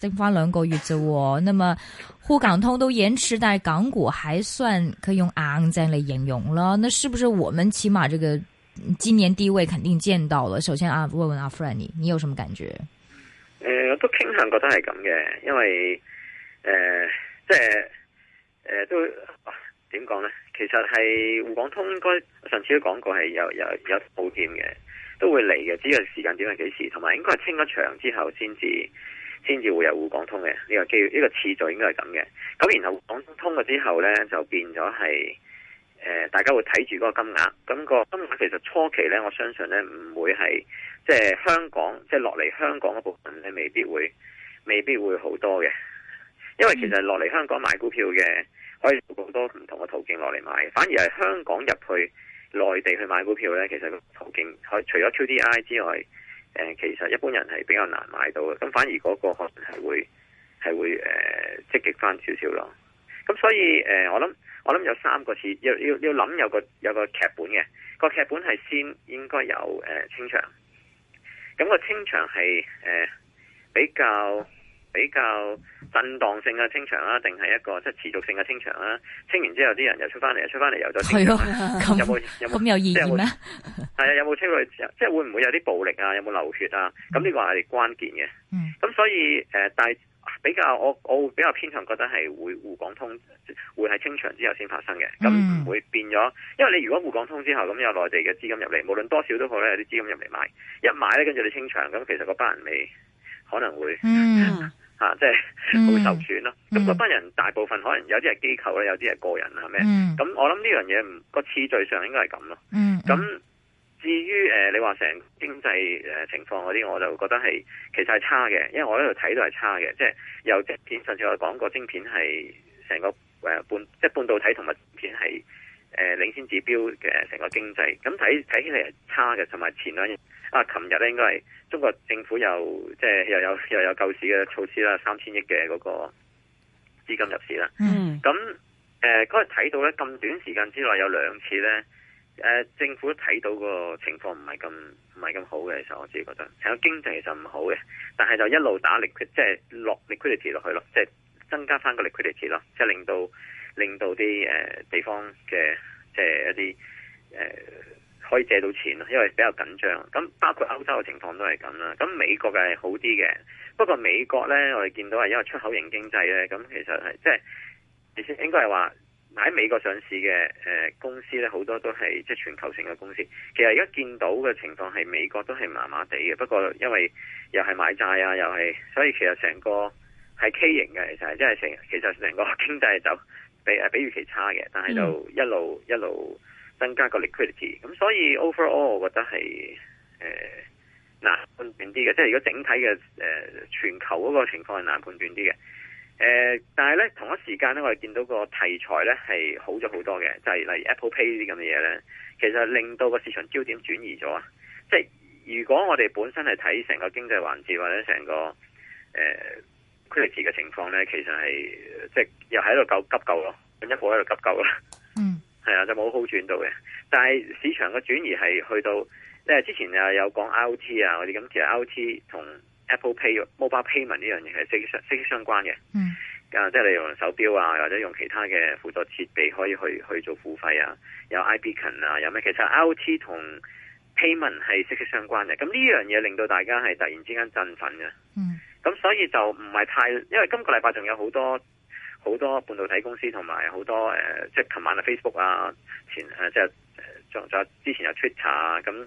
先翻兩個月啫喎，那麼滬港通都延遲，但港股還算可以用硬淨嚟形容啦。那是不是我們起碼這個今年低位肯定見到了？首先啊，問問阿 Franny，你有什麼感覺？誒、呃，我都傾向覺得係咁嘅，因為誒、呃，即係誒、呃，都點講咧？其實係滬港通應該上次都講過係有有有保險嘅，都會嚟嘅，只要時間點係幾時，同埋應該係清咗場之後先至。先至會有滬港通嘅呢、呢個機呢、呢個次序應該係咁嘅。咁然後滬港通咗之後呢，就變咗係誒，大家會睇住嗰個金額。咁、嗰個金額其實初期呢，我相信呢唔會係即係香港，即係落嚟香港嗰部分咧，未必會未必會好多嘅。因為其實落嚟香港買股票嘅，可以有好多唔同嘅途徑落嚟買。反而係香港入去內地去買股票呢，其實嗰個途徑可除咗 QDII 之外。誒、呃，其實一般人係比較難買到嘅，咁反而嗰個可能係會係會誒積極翻少少咯。咁、呃、所以誒、呃，我諗我諗有三個字，要要要諗有個有個劇本嘅，個劇本係先應該有誒、呃、清場。咁、個清場係誒、呃、比較。比較震盪性嘅清場啦，定係一個即係持續性嘅清場啦。清完之後，啲人又出翻嚟，出來又出翻嚟，又再清。係、嗯、咯，咁有冇咁有、嗯有，有，嗯嗯、有意味咩？係啊， 有冇清落去之後，即係會唔會有啲暴力啊？有冇流血啊？咁呢個係關鍵嘅。咁、嗯、所以誒、呃，但係比較，我我會比較偏向覺得係會滬港通會係清場之後先發生嘅。咁、嗯、唔會變咗，因為你如果滬港通之後，咁有內地嘅資金入嚟，無論多少都好咧，有啲資金入嚟買，一買咧，跟住你清場，咁其實嗰班人未。可能會，嚇、嗯，即、啊、係、就是嗯、會受損咯。咁、嗯、嗰班人大部分可能有啲係機構咧，有啲係個人係咪？咁、嗯、我諗呢樣嘢唔個次序上應該係咁咯。咁、嗯、至於、呃、你話成經濟情況嗰啲，我就覺得係其實係差嘅，因為我呢度睇都係差嘅。即、就、係、是、由晶片，上次我哋講過晶片係成個、呃、半，即係半導體同埋片係誒、呃、領先指標嘅成個經濟。咁睇睇起嚟係差嘅，同埋前兩日。啊！琴日咧，應該係中國政府又即係又有又有救市嘅措施啦，三千億嘅嗰個資金入市啦。嗯。咁誒，嗰日睇到咧，咁短時間之內有兩次咧，誒政府睇到個情況唔係咁唔係咁好嘅。其實我自己覺得，成個經濟其實唔好嘅，但係就一路打力，即係落力 QE 落去咯，即係增加翻個 QE 咯，即係令到令到啲誒地方嘅即係一啲誒。呃可以借到錢，因為比較緊張。咁包括歐洲嘅情況都係咁啦。咁美國嘅係好啲嘅，不過美國呢，我哋見到係因為出口型經濟呢，咁其實係即係，而且應該係話喺美國上市嘅誒、呃、公司呢，好多都係即係全球性嘅公司。其實而家見到嘅情況係美國都係麻麻地嘅，不過因為又係買債啊，又係，所以其實成個係 K 型嘅，其實係即係成其實成個經濟就比誒比預期差嘅，但係就一路一路。嗯一路增加個 liquidity，咁所以 overall 我覺得係誒難判斷啲嘅，即係如果整體嘅誒、呃、全球嗰個情況係難判斷啲嘅。誒、呃，但係咧同一時間咧，我哋見到個題材咧係好咗好多嘅，就係、是、例如 Apple Pay 啲咁嘅嘢咧，其實令到個市場焦點轉移咗啊！即係如果我哋本身係睇成個經濟環節或者成個誒、呃、liquidity 嘅情況咧，其實係即係又喺度救急救咯，咁一步喺度急救啦。係啊，就冇好轉到嘅。但係市場嘅轉移係去到，即係之前啊有講 IOT 啊嗰啲咁，其實 IOT 同 Apple Pay、mobile payment 呢樣嘢係息息息息相關嘅。嗯。啊，即係你用手表啊，或者用其他嘅輔助設備可以去去做付費啊，有 iBeacon 啊，有咩？其實 IOT 同 payment 係息息相關嘅。咁呢樣嘢令到大家係突然之間振奮嘅。嗯。咁所以就唔係太，因為今個禮拜仲有好多。好多半導體公司同埋好多誒、呃，即係琴晚嘅 Facebook 啊，前即係誒，之前有 Twitter 啊，咁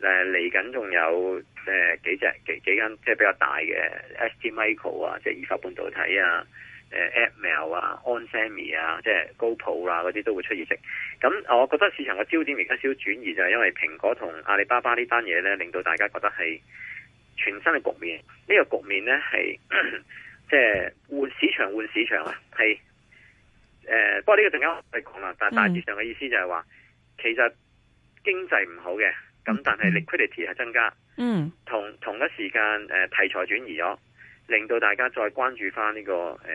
嚟緊仲有誒、呃、幾隻幾幾間即係比較大嘅 ST Micro 啊，即係意法半導體啊，誒 Atmel 啊，啊，ON Semi 啊，即係高普啊嗰啲都會出業績。咁我覺得市場嘅焦點而家少轉移就係、是、因為蘋果同阿里巴巴呢單嘢咧，令到大家覺得係全新嘅局面。呢、這個局面咧係。 即係換市場換市場啊。係誒、呃，不過呢個陣間我哋講啦，但係大致上嘅意思就係話、嗯，其實經濟唔好嘅，咁但係 liquidity 係增加，嗯，同同一時間誒、呃、題材轉移咗，令到大家再關注翻、這、呢個誒誒、呃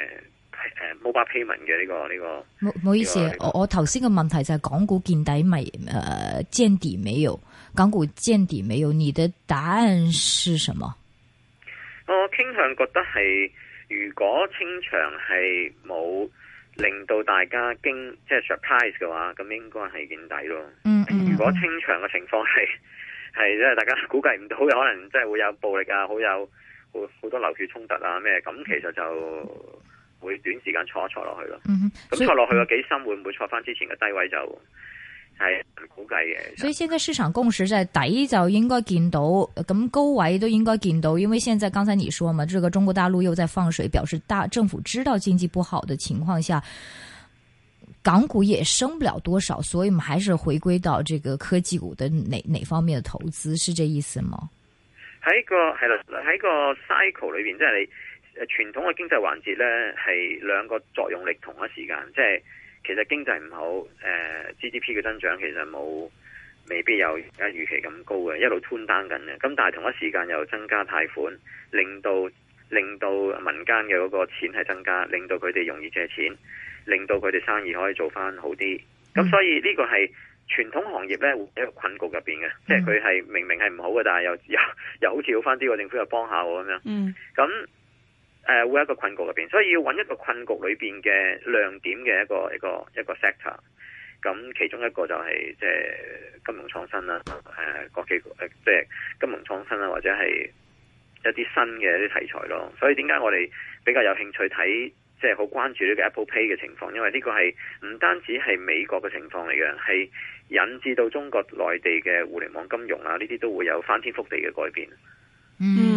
呃、mobile payment 嘅呢個呢個。唔、這、好、個、意思，這個、我我頭先嘅問題就係港股見、啊、底未？誒，見底未有，港股見底未有？你的答案是什麼？我傾向覺得係。如果清場係冇令到大家驚，即係 surprise 嘅話，咁應該係見底咯。嗯，嗯，如果清場嘅情況係係即係大家估計唔到，可能即係會有暴力啊，好有好好多流血衝突啊咩，咁其實就會短時間坐一坐落去咯。嗯哼。咁坐落去個幾深，會唔會坐翻之前嘅低位就？係估計嘅，所以現在市場共識就係底就應該見到，咁高位都應該見到，因為現在剛才你說嘛，這個中國大陸又在放水，表示大政府知道經濟不好的情況下，港股也升不了多少，所以我們還是回歸到這個科技股的哪哪方面的投資，是這意思嗎？喺個係啦，喺個 cycle 裏邊，即係你傳統嘅經濟環節咧，係兩個作用力同一時間，即係。其實經濟唔好，誒、呃、GDP 嘅增長其實冇未必有而家預期咁高嘅，一路吞單緊嘅。咁但係同一時間又增加貸款，令到令到民間嘅嗰個錢係增加，令到佢哋容易借錢，令到佢哋生意可以做翻好啲。咁所以呢個係傳統行業咧喺個困局入邊嘅，即係佢係明明係唔好嘅，但係又又又好似好翻啲，個政府又幫下我咁樣。嗯，咁。誒、呃，會一個困局入邊，所以要揾一個困局裏邊嘅亮點嘅一個一個一個 sector。咁其中一個就係即係金融創新啦，誒、呃，國際即係、呃、金融創新啦，或者係一啲新嘅一啲題材咯。所以點解我哋比較有興趣睇，即係好關注呢個 Apple Pay 嘅情況？因為呢個係唔單止係美國嘅情況嚟嘅，係引致到中國內地嘅互聯網金融啦、啊，呢啲都會有翻天覆地嘅改變。嗯。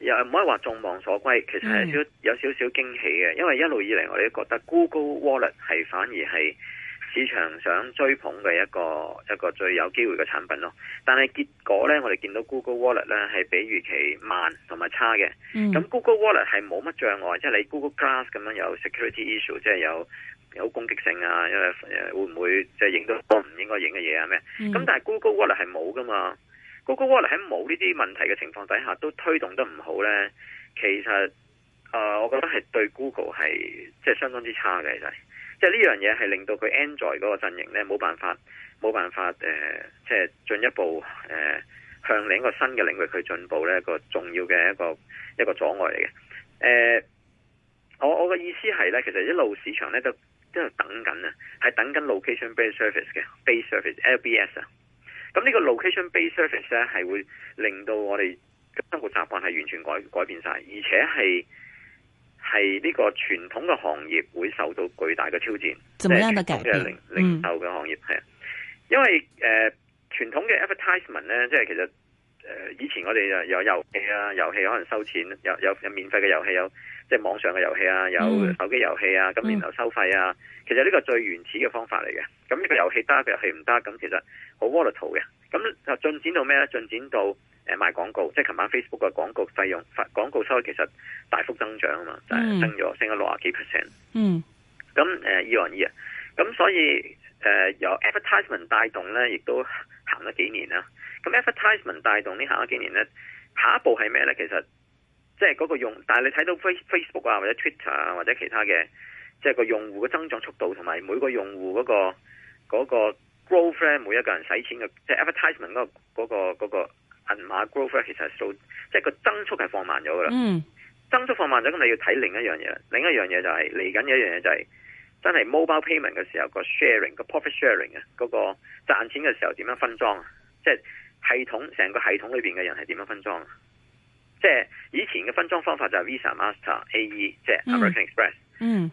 又唔可以話眾望所歸，其實有少，有少少驚喜嘅，因為一路以嚟我哋都覺得 Google Wallet 係反而係市場上追捧嘅一個一個最有機會嘅產品咯。但係結果呢，我哋見到 Google Wallet 呢係比預期慢同埋差嘅。咁、嗯、Google Wallet 係冇乜障礙，即係你 Google Glass 咁樣有 security issue，即係有有攻擊性啊，因為會唔會即係影到唔應該影嘅嘢啊咩？咁、嗯、但係 Google Wallet 係冇噶嘛。Google Wallet 喺冇呢啲問題嘅情況底下都推動得唔好呢。其實誒、呃，我覺得係對 Google 係即係相當之差嘅就係，即係呢樣嘢係令到佢 Android 嗰個陣營咧冇辦法冇辦法誒、呃，即係進一步誒、呃、向另一個新嘅領域去進步，呢一個重要嘅一個一個阻礙嚟嘅誒。我我嘅意思係呢，其實一路市場呢都即係等緊啊，係等緊 location-based service 嘅 base service, service LBS 啊。咁呢個 location-based service 咧，係會令到我哋嘅生活習慣係完全改改變曬，而且係係呢個傳統嘅行業會受到巨大嘅挑戰，即係傳統嘅零零售嘅行業係，因為、呃、傳統嘅 advertisement 咧，即係其實。誒，以前我哋有遊戲啊，遊戲可能收錢，有有，有免費嘅遊戲，有即係、就是、網上嘅遊戲啊，有手機遊戲啊，咁、嗯、然後收費啊。其實呢個最原始嘅方法嚟嘅。咁、那、呢個遊戲得，個遊戲唔得，咁、那個、其實好 volatile 嘅。咁就進展到咩咧？進展到誒賣廣告，即係琴晚 Facebook 嘅廣告費用、發廣告收入其實大幅增長啊嘛，就是、升咗升咗六啊幾 percent。嗯。咁誒，二萬二啊。咁所以。誒、呃，由 advertisement 帶動咧，亦都行咗幾年啦。咁 advertisement 帶動呢行咗幾年咧，下一步係咩咧？其實即係嗰個用，但係你睇到 face Facebook 啊，或者 Twitter 啊，或者其他嘅，即係個用戶嘅增長速度同埋每個用戶嗰個嗰個 growth 咧每一個人使錢嘅，即係 advertisement 嗰個嗰個嗰個銀碼 growth 咧，其實都即係個增速係放慢咗噶啦。嗯，增速放慢咗，咁你要睇另一樣嘢啦。另一樣嘢就係嚟緊一樣嘢就係。真係 mobile payment 嘅時候個 sharing 個 profit sharing 啊，嗰個賺錢嘅時候點樣分裝啊？即係系統成個系統裏面嘅人係點樣分裝啊？即係以前嘅分裝方法就係 Visa、Master、AE，即係 American Express，嗯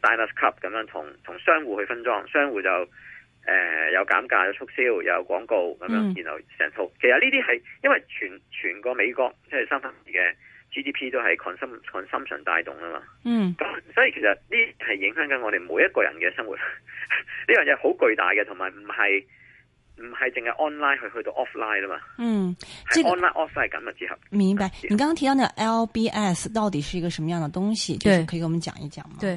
，Diners Club 咁樣同同商戶去分裝，商戶就、呃、有減價、有促銷、有廣告咁樣，然後成套。其實呢啲係因為全全個美國即係三分之嘅。呢啲都係抗心抗心上帶動啊嘛，嗯，咁所以其實呢係影響緊我哋每一個人嘅生活，呢樣嘢好巨大嘅，同埋唔係唔係淨係 online 去去到 offline 啦嘛，嗯，即、這、係、個、online offline 係緊密結合。明白。啊、你剛剛提到呢個 LBS 到底是一個什麼樣嘅東西，就是、可以給我們講一講嘛對，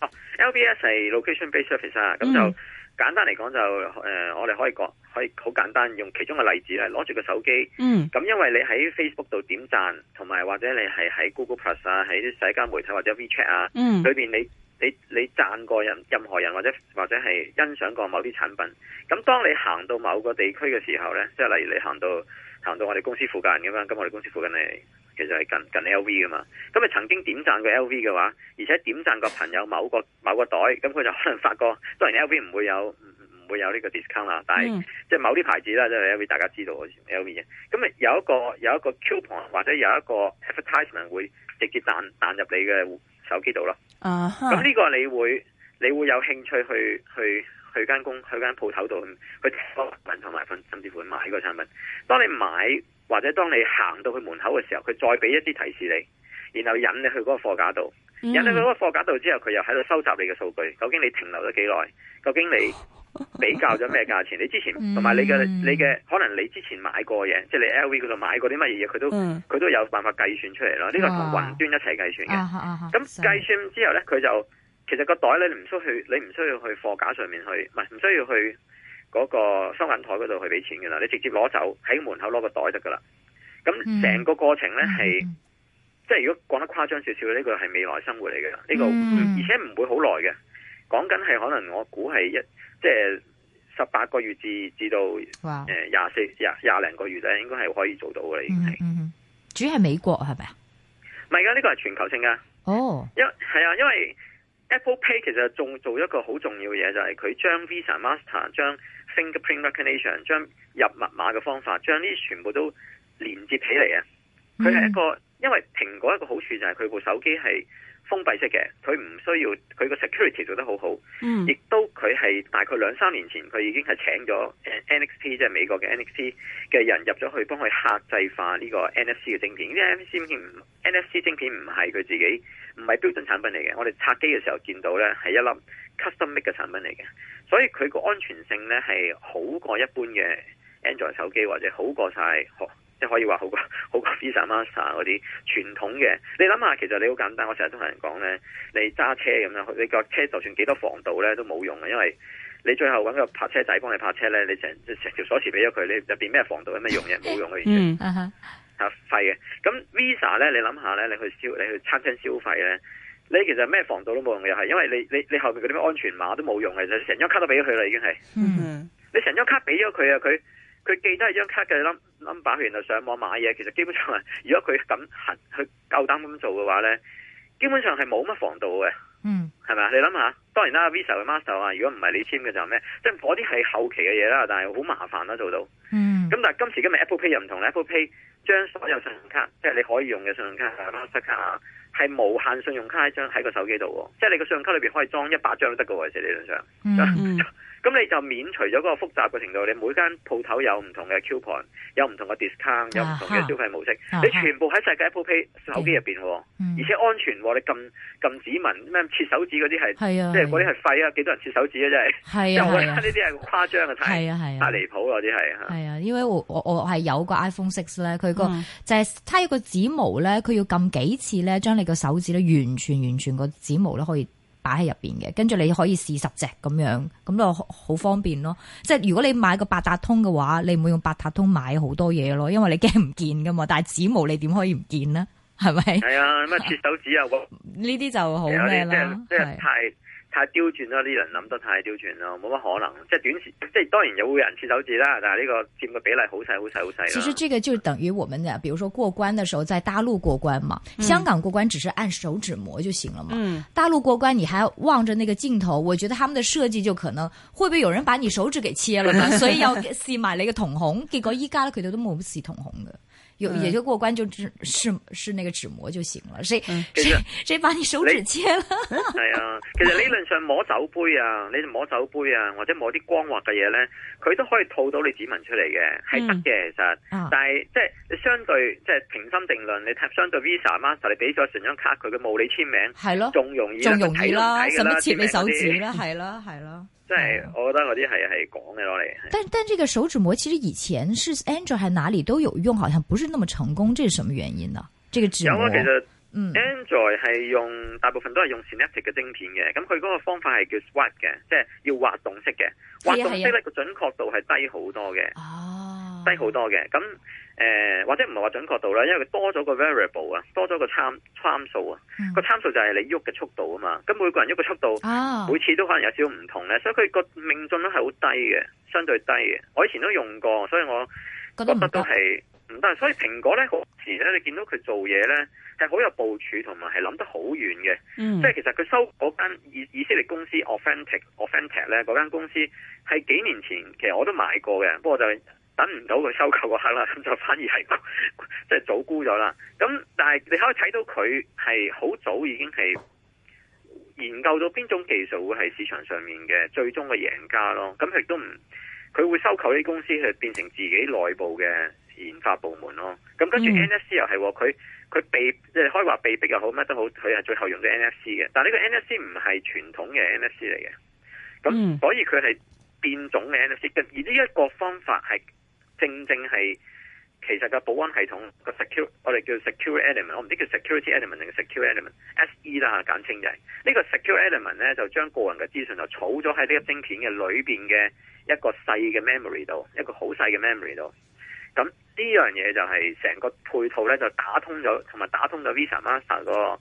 哦、啊、，LBS 係 location based service 啊，咁、嗯、就。簡單嚟講就誒，我哋可以講，可以好簡單用其中嘅例子嚟攞住個手機，咁、mm. 因為你喺 Facebook 度點讚，同埋或者你係喺 Google Plus 啊，喺啲社交媒體或者 WeChat 啊，裏邊你你你讚過任任何人，或者或者係欣賞過某啲產品，咁當你行到某個地區嘅時候咧，即係例如你行到。行到我哋公司附近咁啊，咁我哋公司附近咧，其實係近近 L V 噶嘛。咁啊，曾經點讚過 L V 嘅話，而且點讚個朋友某個某個袋，咁佢就可能發覺：「當然 L V 唔會有唔唔會有呢個 discount 啦。但、嗯、係即係某啲牌子啦，即係 L V 大家知道 L V 嘅。咁咪有一個有一個 coupon 或者有一個 advertisement 會直接彈彈入你嘅手機度咯。咁呢個你會你會有興趣去去。去間工去間鋪頭度，去幫雲同埋甚至乎買個產品。當你買或者當你行到去門口嘅時候，佢再俾一啲提示你，然後引你去嗰個貨架度，嗯，引你去嗰個貨架度之後，佢又喺度收集你嘅數據。究竟你停留咗幾耐？究竟你比較咗咩價錢？ 你之前同埋你嘅你嘅，可能你之前買過嘢，即係你 L V 嗰度買過啲乜嘢嘢，佢都佢、嗯、都有辦法計算出嚟咯。呢個係同雲端一齊計算嘅。咁、啊、計、啊啊、算之後呢，佢就。其實個袋咧，你唔需去，你唔需要去貨架上面去，唔係唔需要去嗰個收銀台嗰度去俾錢噶啦。你直接攞走，喺門口攞個袋得噶啦。咁成個過程咧係、嗯，即係如果講得誇張少少呢個係未來生活嚟噶。呢、這個、嗯、而且唔會好耐嘅，講緊係可能我估係一即係十八個月至至到誒廿四廿廿零個月咧，應該係可以做到嘅。已經係，嗯嗯，主要係美國係咪啊？唔係噶，呢、這個係全球性噶。哦，因為係啊，因為。Apple Pay 其實做做一個好重要嘅嘢，就係、是、佢將 Visa、Master、將 Fingerprint Recognition、將入密碼嘅方法，將呢啲全部都連接起嚟啊。佢係一個，mm. 因為蘋果一個好處就係佢部手機係封閉式嘅，佢唔需要佢個 security 做得好好，亦、嗯、都佢係大概兩三年前佢已經係請咗 NXP 即係美國嘅 NXP 嘅人入咗去幫佢客製化呢個 NFC 嘅晶片，因為 NFC 晶片唔 NFC 晶片唔係佢自己，唔係標準產品嚟嘅。我哋拆機嘅時候見到呢係一粒 custom make 嘅產品嚟嘅，所以佢個安全性呢係好過一般嘅 Android 手機或者好過晒。可以話好過好過 Visa Master、Master 嗰啲傳統嘅，你諗下，其實你好簡單。我成日都同人講咧，你揸車咁樣，你架車就算幾多防盜咧，都冇用嘅，因為你最後搵個泊車仔幫你泊車咧，你成即係成條鎖匙俾咗佢，你入邊咩防盜有咩用嘅？冇用嘅，完全係費嘅。咁、 嗯 uh -huh. 啊、Visa 咧，你諗下咧，你去消你去餐廳消費咧，你其實咩防盜都冇用嘅，又係因為你你你後面嗰啲安全碼都冇用嘅，就成張卡都俾咗佢啦，已經係。 你成張卡俾咗佢啊，佢。佢記得係張卡嘅 number，然後上網買嘢，其實基本上，如果佢敢行去夠膽咁做嘅話呢基本上係冇乜防盜嘅。嗯，係咪啊？你諗下，當然啦，Visa 同 Master 啊，如果唔係你簽嘅就係咩？即係嗰啲係後期嘅嘢啦，但係好麻煩啦做到。咁、嗯、但係今時今日 Apple Pay 又唔同 Apple Pay 將所有信用卡，即係你可以用嘅信用卡啊、Master 卡係無限信用卡一張喺個手機度，即係你個信用卡裏面可以裝一百張都得嘅喎，即理論上。嗯 咁你就免除咗嗰個複雜嘅程度，你每間鋪頭有唔同嘅 coupon，有唔同嘅 discount，有唔同嘅消費模式，啊啊、你全部喺世界 Apple Pay 手機入邊喎、啊啊，而且安全喎、嗯，你撳撳指紋，咩切手指嗰啲係，即係嗰啲係廢啊！幾多人切手指啊！真 係、啊，即係我呢啲係誇張嘅太係啊係啊，太離譜嗰啲係。係啊，啊，啊，啊，啊，啊，因為我我我係有個 iPhone Six 咧、那個，佢、嗯、個就係、是、睇個指模咧，佢要撳幾次咧，將你個手指咧完全完全，完全個指模咧可以。擺喺入邊嘅，跟住你可以試十隻咁樣，咁就好方便咯。即係如果你買個八達通嘅話，你唔會用八達通買好多嘢咯，因為你驚唔見噶嘛。但係指紋你點可以唔見呢？係咪？係啊，咁啊切手指啊，呢 啲就好咩即啦。太刁鑽啦！呢人諗得太刁鑽啦，冇乜可能。即係短時，即係當然有會有人切手指啦，但係呢個佔嘅比例好細，好細，好細。其實這個就等於我們的，比如說過關的時候，在大陸過關嘛，香港過關只是按手指模就行了嘛。嗯、大陸過關，你還望着那個鏡頭，我覺得他們的設計就可能會不會有人把你手指給切了嘛？所以要試埋你個瞳孔， 結果依家呢，佢哋都冇試瞳孔嘅。.有、嗯、也就過關就，就指是是那個指模就行了。誰誰誰把你手指切了？係啊，其實理論上摸酒杯啊， 你摸酒杯啊，或者摸啲光滑嘅嘢咧，佢都可以套到你指紋出嚟嘅，係得嘅其實、啊。但係即係相對即係平心定論，你睇相對 Visa 嘛，就你俾咗成張卡，佢嘅模擬簽名，係咯，仲容易，仲容易啦，使乜切你手指啦，係啦，係咯。即係、oh. 我覺得嗰啲係係講嘅咯嚟。但但這個手指模其實以前是 Android 喺哪裏都有用，好像不是那麼成功，這是什麼原因呢？這個指模。有啊，其實是，嗯，Android 係用大部分都係用 Synaptic 的晶片嘅，咁佢嗰個方法係叫 swap 嘅，即係要滑動式嘅。滑動式咧個準確度係低好多嘅。哦、oh.。低好多嘅咁。誒、呃，或者唔係話準確度啦，因為佢多咗個 variable 啊，多咗個參參數啊，個參數就係你喐嘅速度啊嘛，咁每個人喐嘅速度、啊，每次都可能有少少唔同咧，所以佢個命中率係好低嘅，相對低嘅。我以前都用過，所以我覺得都係，唔得。所以蘋果咧，好遲咧，你見到佢做嘢咧，係好有部署同埋係諗得好遠嘅。即係其實佢收嗰間以色列公司 Authentic Authentic 咧，嗰間公司係幾年前其實我都買過嘅，不過就。等唔到佢收購個刻啦，咁就反而係即係早沽咗啦。咁但係你可以睇到佢係好早已經係研究到邊種技術會係市場上面嘅最終嘅贏家咯。咁佢亦都唔，佢會收購啲公司去變成自己內部嘅研發部門咯。咁跟住 NFC 又係，佢佢被即係可以話被逼又好，乜都好，佢係最後用咗 NFC 嘅。但係呢個 NFC 唔係傳統嘅 NFC 嚟嘅，咁所以佢係變種嘅 NFC。而呢一個方法係。正正係其實個保安系統個 secure，我哋叫 Secure Element，我唔知叫 Security Element 定 Secure Element，SE 啦簡稱就係呢個 Secure Element 咧，就將個人嘅資訊就儲咗喺呢個晶片嘅裏面嘅一個細嘅 memory 度，一個好細嘅 memory 度。咁呢樣嘢就係成個配套咧，就打通咗，同埋打通咗 Visa Master 嗰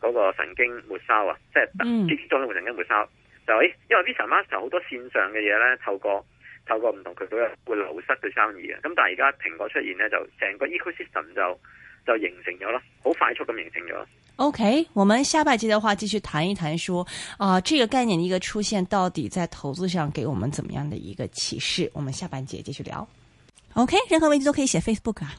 個個神經末梢啊，即係中裝修神經末梢就係因為 Visa Master 好多線上嘅嘢咧，透過。透過唔同渠道又會流失嘅生意嘅，咁但係而家蘋果出現咧，就成個 ecosystem 就就形成咗咯，好快速咁形成咗。OK，我們下半節嘅話繼續談一談說，說、呃、啊，這個概念嘅一個出現，到底在投資上給我們怎麼樣的一個啟示？我們下半節繼續聊。OK，任何問題都可以寫 Facebook 啊。